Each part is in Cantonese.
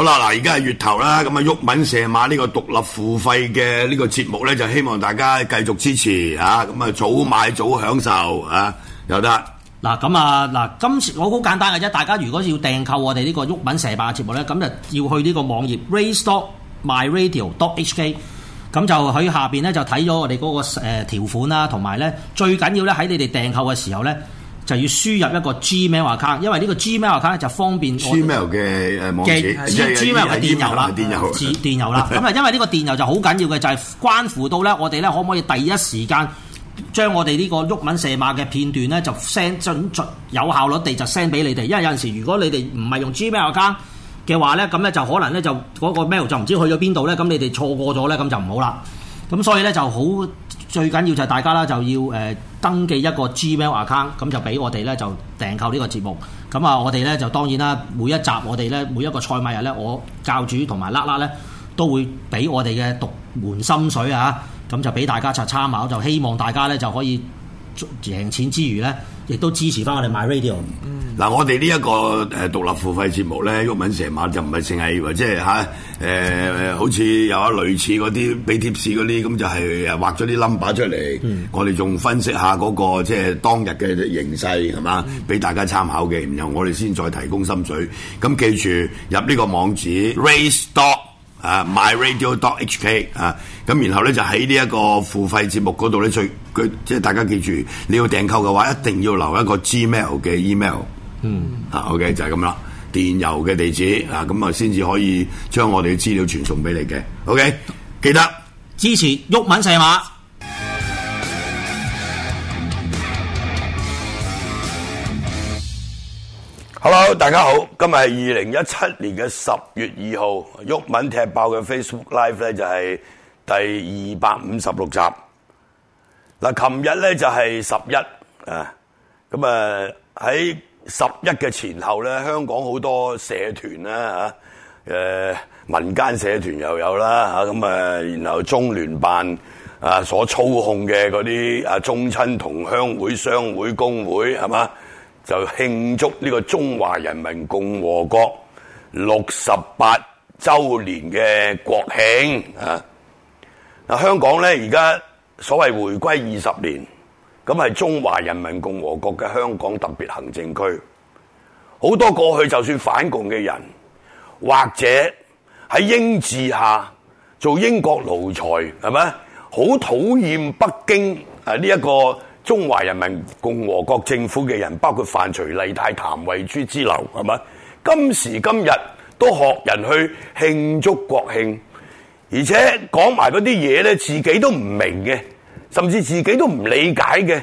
好啦，嗱，而家係月頭啦，咁啊，毓民射馬呢個獨立付費嘅呢個節目呢，就希望大家繼續支持嚇，咁啊早買早享受，有得嗱，咁啊嗱，今次我好簡單嘅啫，大家如果要訂購我哋呢個毓民射馬嘅節目呢，咁就要去呢個網頁 raystockmyradio.hk，咁就喺下面呢，就睇咗我哋嗰個誒條款啦，同埋呢最緊要呢，喺你哋訂購嘅時候呢。就要輸入一個 Gmail account，因為呢個 Gmail account 就方便 Gmail 嘅誒網嘅 Gmail 嘅電郵啦，電郵啦。咁啊，因為呢個電郵就好緊要嘅，就係關乎到咧，我哋咧可唔可以第一時間將我哋呢個毓民射馬嘅片段咧，就 send 準準有效率地就 send 俾你哋。因為有陣時，如果你哋唔係用 Gmail account 嘅話咧，咁咧就可能咧就嗰個 mail 就唔知去咗邊度咧，咁你哋錯過咗咧，咁就唔好啦。咁所以咧就好。最緊要就係大家啦，就要誒登記一個 Gmail account，咁就俾我哋咧就訂購呢個節目。咁啊，我哋咧就當然啦，每一集我哋咧每一個賽馬日咧，我教主同埋拉拉咧都會俾我哋嘅獨門心水啊，咁就俾大家作參考。就希望大家咧就可以，贏錢之餘咧，亦都支持翻我哋買 radio。嗱、嗯啊，我哋呢一個誒獨立付費節目咧，毓民成晚就唔係淨係，或即係嚇誒，好似有一類似嗰啲俾貼士嗰啲，咁就係誒畫咗啲 number 出嚟。嗯、我哋仲分析下嗰、那個即係、就是、當日嘅形勢係嘛，俾、嗯、大家參考嘅。然後我哋先再提供心水。咁記住入呢個網址 racestock。啊，myradio.hk 啊，咁、uh, uh，然後咧就喺呢一個付費節目嗰度咧，最佢即係大家記住，你要訂購嘅話，一定要留一個 Gmail 嘅 email、嗯。嗯，OK 就係咁啦，電郵嘅地址啊，咁啊先至可以將我哋嘅資料傳送俾你嘅。OK，記得支持毓民世馬。Hello，大家好，今日係二零一七年嘅十月二號，毓民踢爆嘅 Facebook Live 咧就係第二百五十六集。嗱，琴日咧就係十一啊，咁啊喺十一嘅前後咧，香港好多社團啦吓，誒民間社團又有啦吓，咁啊然後中聯辦啊所操控嘅嗰啲啊中親同鄉會、商會、工會係嘛？就慶祝呢個中華人民共和國六十八週年嘅國慶啊！嗱，香港咧而家所謂回歸二十年，咁係中華人民共和國嘅香港特別行政區，好多過去就算反共嘅人，或者喺英治下做英國奴才，係咪？好討厭北京啊！呢一個。中華人民共和國政府嘅人，包括范徐麗泰、譚慧珠之流，係嘛？今時今日都學人去慶祝國慶，而且講埋嗰啲嘢咧，自己都唔明嘅，甚至自己都唔理解嘅，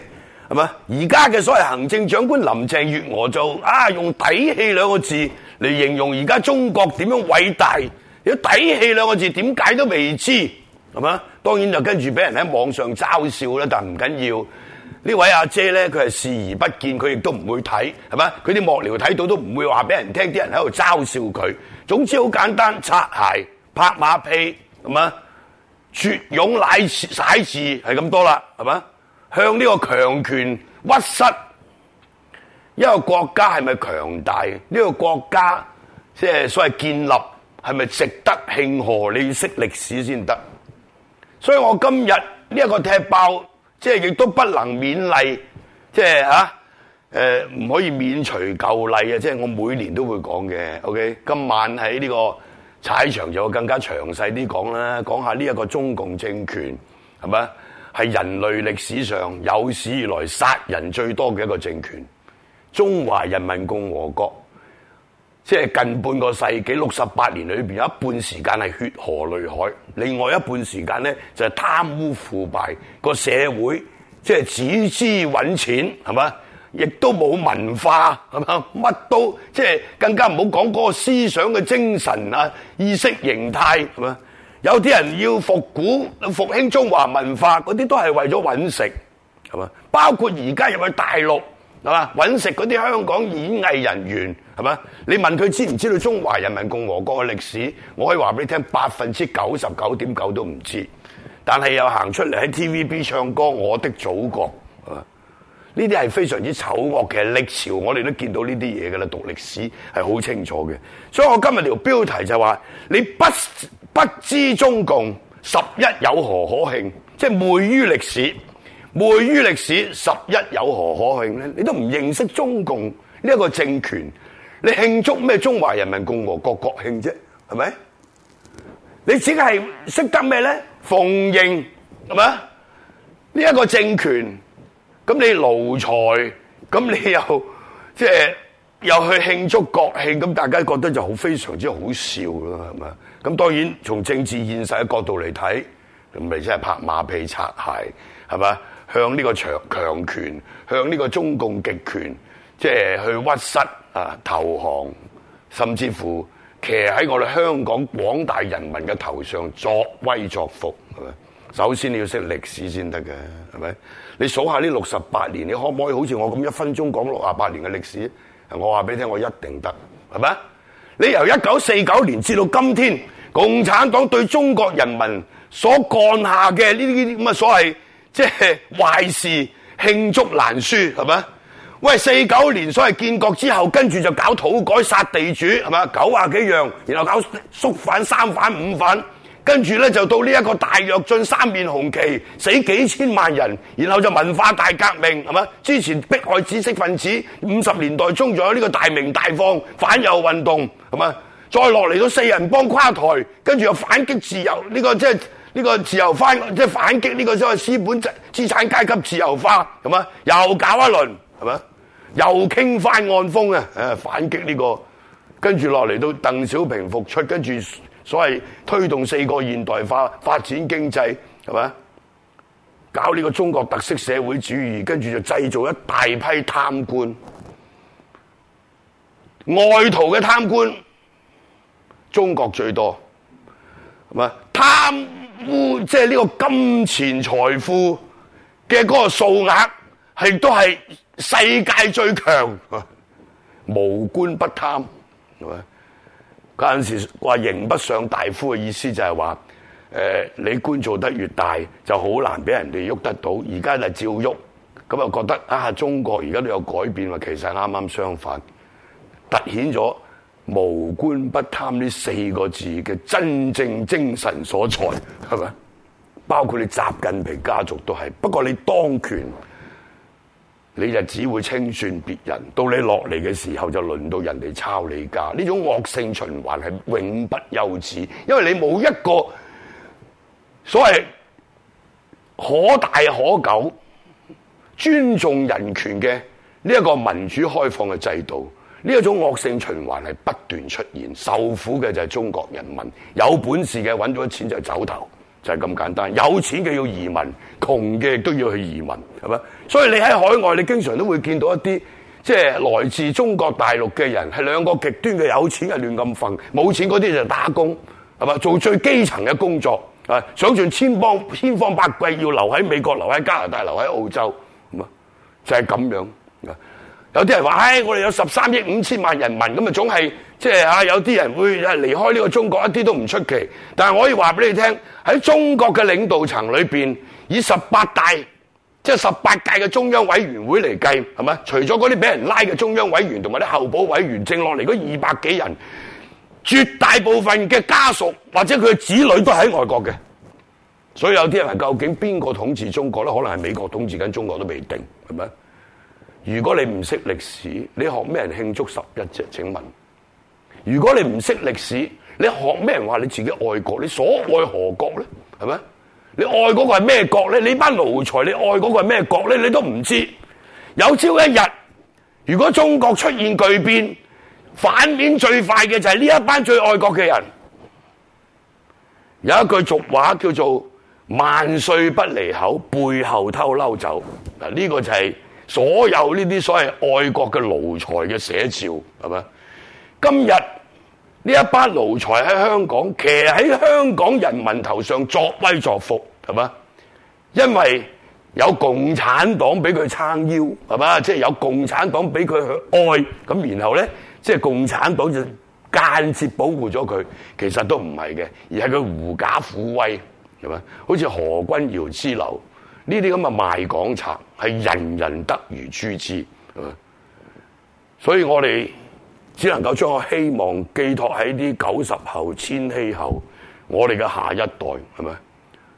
係嘛？而家嘅所謂行政長官林鄭月娥就啊，用底氣兩個字嚟形容而家中國點樣偉大，要底氣兩個字點解都未知，係嘛？當然就跟住俾人喺網上嘲笑啦，但唔緊要。呢位阿姐咧，佢係視而不見，佢亦都唔會睇，係嘛？佢啲幕僚睇到都唔會話俾人聽，啲人喺度嘲笑佢。總之好簡單，擦鞋、拍馬屁，係嘛？撮擁、拉屎、甩屎，係咁多啦，係嘛？向呢個強權屈膝，一個國家係咪強大？呢、這個國家即係、就是、所謂建立係咪值得慶賀？你要識歷史先得。所以我今日呢一個踢爆。即係亦都不能免例，即係吓，誒唔可以免除舊例啊！即係我每年都會講嘅，OK？今晚喺呢個踩場就會更加詳細啲講啦，講下呢一個中共政權係咪？係人類歷史上有史以來殺人最多嘅一個政權中華人民共和國。即係近半個世紀，六十八年裏邊，有一半時間係血河淚海，另外一半時間咧就係貪污腐敗個社會，即係只知揾錢係嘛，亦都冇文化係嘛，乜都即係更加唔好講嗰個思想嘅精神啊意識形態係嘛，有啲人要復古復興中華文化嗰啲都係為咗揾食係嘛，包括而家入去大陸。係嘛，揾食嗰啲香港演藝人員，係咪？你問佢知唔知道中華人民共和國嘅歷史？我可以話俾你聽，百分之九十九點九都唔知。但係又行出嚟喺 TVB 唱歌，《我的祖國》啊，呢啲係非常之醜惡嘅歷朝。我哋都見到呢啲嘢噶啦，讀歷史係好清楚嘅。所以我今日條標題就話、是，你不不知中共十一有何可慶，即係昧於歷史。昧於歷史，十一有何可慶咧？你都唔認識中共呢一個政權，你慶祝咩中華人民共和國國慶啫？係咪？你只係識得咩咧？逢迎，係嘛？呢一個、這個政權，咁你奴才，咁你又即係、就是、又去慶祝國慶，咁大家覺得就好非常之好笑啦，係嘛？咁當然從政治現實嘅角度嚟睇，咁咪即係拍馬屁擦鞋，係嘛？向呢個強權，向呢個中共極權，即係去屈膝啊投降，甚至乎騎喺我哋香港廣大人民嘅頭上作威作福，係咪？首先你要識歷史先得嘅，係咪？你數下呢六十八年，你可唔可以好似我咁一分鐘講六十八年嘅歷史？我話俾你聽，我一定得，係咪？你由一九四九年至到今天，共產黨對中國人民所幹下嘅呢啲咁嘅所謂……即係壞事，罄竹難書，係咪？喂，四九年所謂建國之後，跟住就搞土改殺地主，係咪？九啊幾樣，然後搞肅反三反五反，跟住咧就到呢一個大躍進三面紅旗，死幾千萬人，然後就文化大革命，係咪？之前迫害知識分子，五十年代中咗呢個大鳴大放反右運動，係咪？再落嚟到四人幫垮台，跟住又反擊自由呢、這個即係。呢個自由化即係反擊呢個所謂資本資，資產階級自由化，係嘛？又搞一輪，係嘛？又傾翻案風嘅，誒，反擊呢個，跟住落嚟到鄧小平復出，跟住所謂推動四個現代化，發展經濟，係嘛？搞呢個中國特色社會主義，跟住就製造一大批貪官，外逃嘅貪官，中國最多，係嘛？貪。即係呢個金錢財富嘅嗰個數額，係都係世界最強。無官不貪，嗰陣時話刑不上大夫嘅意思就係話，誒，你官做得越大，就好難俾人哋喐得到。而家就照喐，咁又覺得啊，中國而家都有改變，話其實啱啱相反，凸顯咗。無官不貪呢四個字嘅真正精神所在，係咪？包括你習近平家族都係，不過你當權，你就只會清算別人。到你落嚟嘅時候，就輪到人哋抄你家。呢種惡性循環係永不休止，因為你冇一個所謂可大可久尊重人權嘅呢一個民主開放嘅制度。呢一種惡性循環係不斷出現，受苦嘅就係中國人民。有本事嘅揾咗錢就走頭，就係咁簡單。有錢嘅要移民，窮嘅都要去移民，係咪？所以你喺海外，你經常都會見到一啲即係來自中國大陸嘅人，係兩個極端嘅，有錢嘅亂咁瞓，冇錢嗰啲就打工，係咪？做最基層嘅工作，想盡千方千方百計要留喺美國、留喺加拿大、留喺澳洲，啊，就係咁樣。有啲人話，唉、哎，我哋有十三億五千萬人民，咁啊總係即係有啲人會離開呢個中國一啲都唔出奇。但係我可以話俾你聽，喺中國嘅領導層裏邊，以十八大即係十八屆嘅中央委員會嚟計，係咪？除咗嗰啲俾人拉嘅中央委員同埋啲候補委員剩落嚟嗰二百幾人，絕大部分嘅家屬或者佢嘅子女都喺外國嘅，所以有啲人話，究竟邊個統治中國咧？可能係美國統治緊中國都未定，係咪？如果你唔識歷史，你學咩人慶祝十一啫？請問，如果你唔識歷史，你學咩人話你自己愛國？你所愛何國咧？係咪？你愛嗰個係咩國咧？你班奴才，你愛嗰個係咩國咧？你都唔知。有朝一日，如果中國出現巨變，反面最快嘅就係呢一班最愛國嘅人。有一句俗話叫做“萬歲不離口，背後偷溜走”，嗱呢個就係。所有呢啲所謂愛國嘅奴才嘅寫照係嘛？今日呢一班奴才喺香港騎喺香港人民頭上作威作福係嘛？因為有共產黨俾佢撐腰係嘛？即係有共產黨俾佢去愛咁，然後咧即係共產黨就間接保護咗佢，其實都唔係嘅，而係佢狐假虎威係嘛？好似何君堯之流。呢啲咁嘅賣港賊係人人得而誅之，係嘛？所以我哋只能夠將個希望寄託喺啲九十後、千禧後，我哋嘅下一代係咪？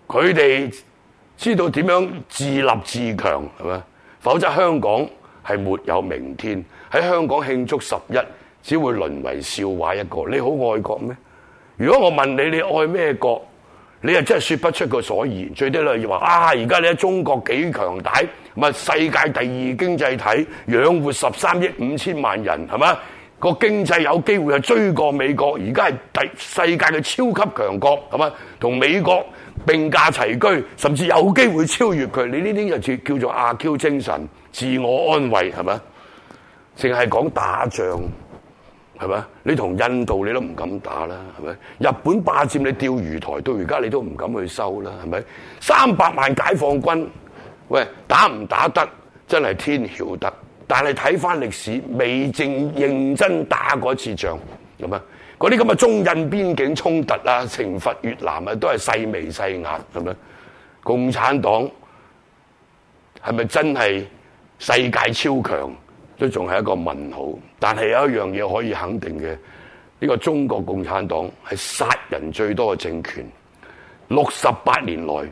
佢哋知道點樣自立自強係咪？否則香港係沒有明天。喺香港慶祝十一，只會淪為笑話一個。你好愛國咩？如果我問你，你愛咩國？你又真係說不出個所言，最低例要話啊，而家你喺中國幾強大，咪世界第二經濟體，養活十三億五千萬人，係嘛？個經濟有機會去追過美國，而家係第世界嘅超級強國，係嘛？同美國並駕齊驅，甚至有機會超越佢。你呢啲就叫叫做阿 Q 精神，自我安慰，係嘛？淨係講打仗。係咪？你同印度你都唔敢打啦，係咪？日本霸占你釣魚台到而家你都唔敢去收啦，係咪？三百萬解放軍，喂，打唔打得？真係天曉得。但係睇翻歷史，未正認真打過一次仗，咁啊？嗰啲咁嘅中印邊境衝突啊，懲罰越南啊，都係細眉細眼咁樣。係咪？共產黨係咪真係世界超強？都仲係一個問號，但係有一樣嘢可以肯定嘅，呢個中國共產黨係殺人最多嘅政權。六十八年來，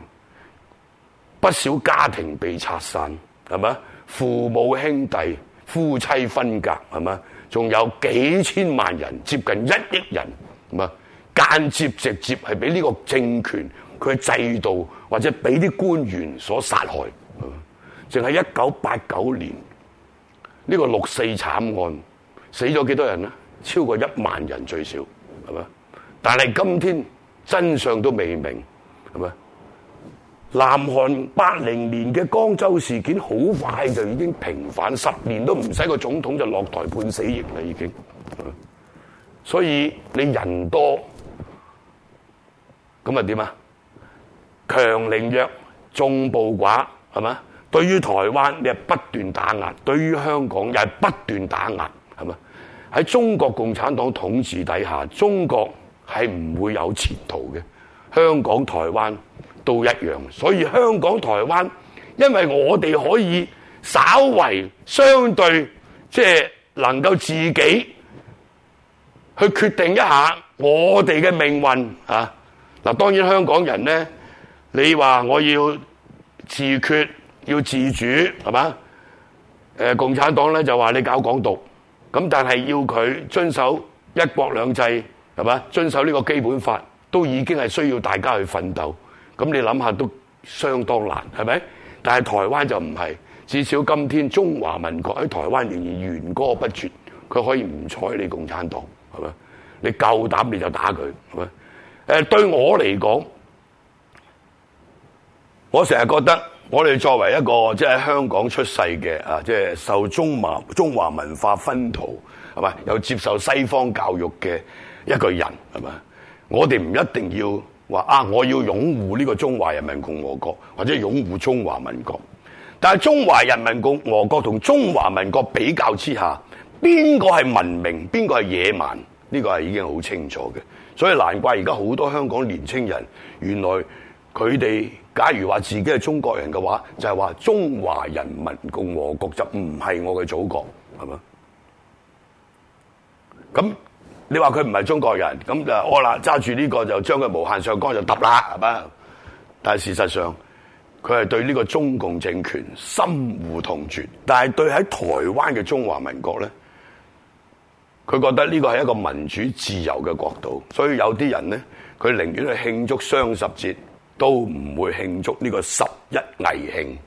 不少家庭被拆散，係嘛？父母兄弟、夫妻分隔，係嘛？仲有幾千萬人，接近一億人，係嘛？間接、直接係俾呢個政權、佢制度或者俾啲官員所殺害，淨係一九八九年。呢個六四慘案死咗幾多人呢？超過一萬人最少，係咪？但係今天真相都未明，係咪？南韓八零年嘅光州事件好快就已經平反，十年都唔使個總統就落台判死刑啦，已經。所以你人多，咁啊點啊？強凌弱，眾暴寡，係咪？對於台灣，你係不斷打壓；對於香港，又係不斷打壓，係咪？喺中國共產黨統治底下，中國係唔會有前途嘅。香港、台灣都一樣，所以香港、台灣，因為我哋可以稍為相對，即係能夠自己去決定一下我哋嘅命運啊！嗱，當然香港人呢，你話我要自決。要自主係嘛？誒，共產黨咧就話你搞港獨，咁但係要佢遵守一國兩制係嘛，遵守呢個基本法都已經係需要大家去奮鬥。咁你諗下都相當難，係咪？但係台灣就唔係，至少今天中華民國喺台灣仍然弦歌不絕，佢可以唔睬你共產黨係咪？你夠膽你就打佢係咪？誒，對我嚟講，我成日覺得。我哋作為一個即係香港出世嘅啊，即係受中華中華文化薰陶，係咪又接受西方教育嘅一個人，係嘛？我哋唔一定要話啊！我要擁護呢個中華人民共和國，或者擁護中華民國。但係中華人民共和國同中華民國比較之下，邊個係文明，邊個係野蠻？呢個係已經好清楚嘅。所以難怪而家好多香港年青人，原來佢哋。假如話自己係中國人嘅話，就係話中華人民共和國就唔係我嘅祖國，係嘛？咁你話佢唔係中國人，咁就哦啦，揸住呢個就將佢無限上綱就揼啦，係嘛？但係事實上，佢係對呢個中共政權深惡痛絕，但係對喺台灣嘅中華民國咧，佢覺得呢個係一個民主自由嘅國度，所以有啲人咧，佢寧願去慶祝雙十節。都唔會慶祝呢個十一藝慶。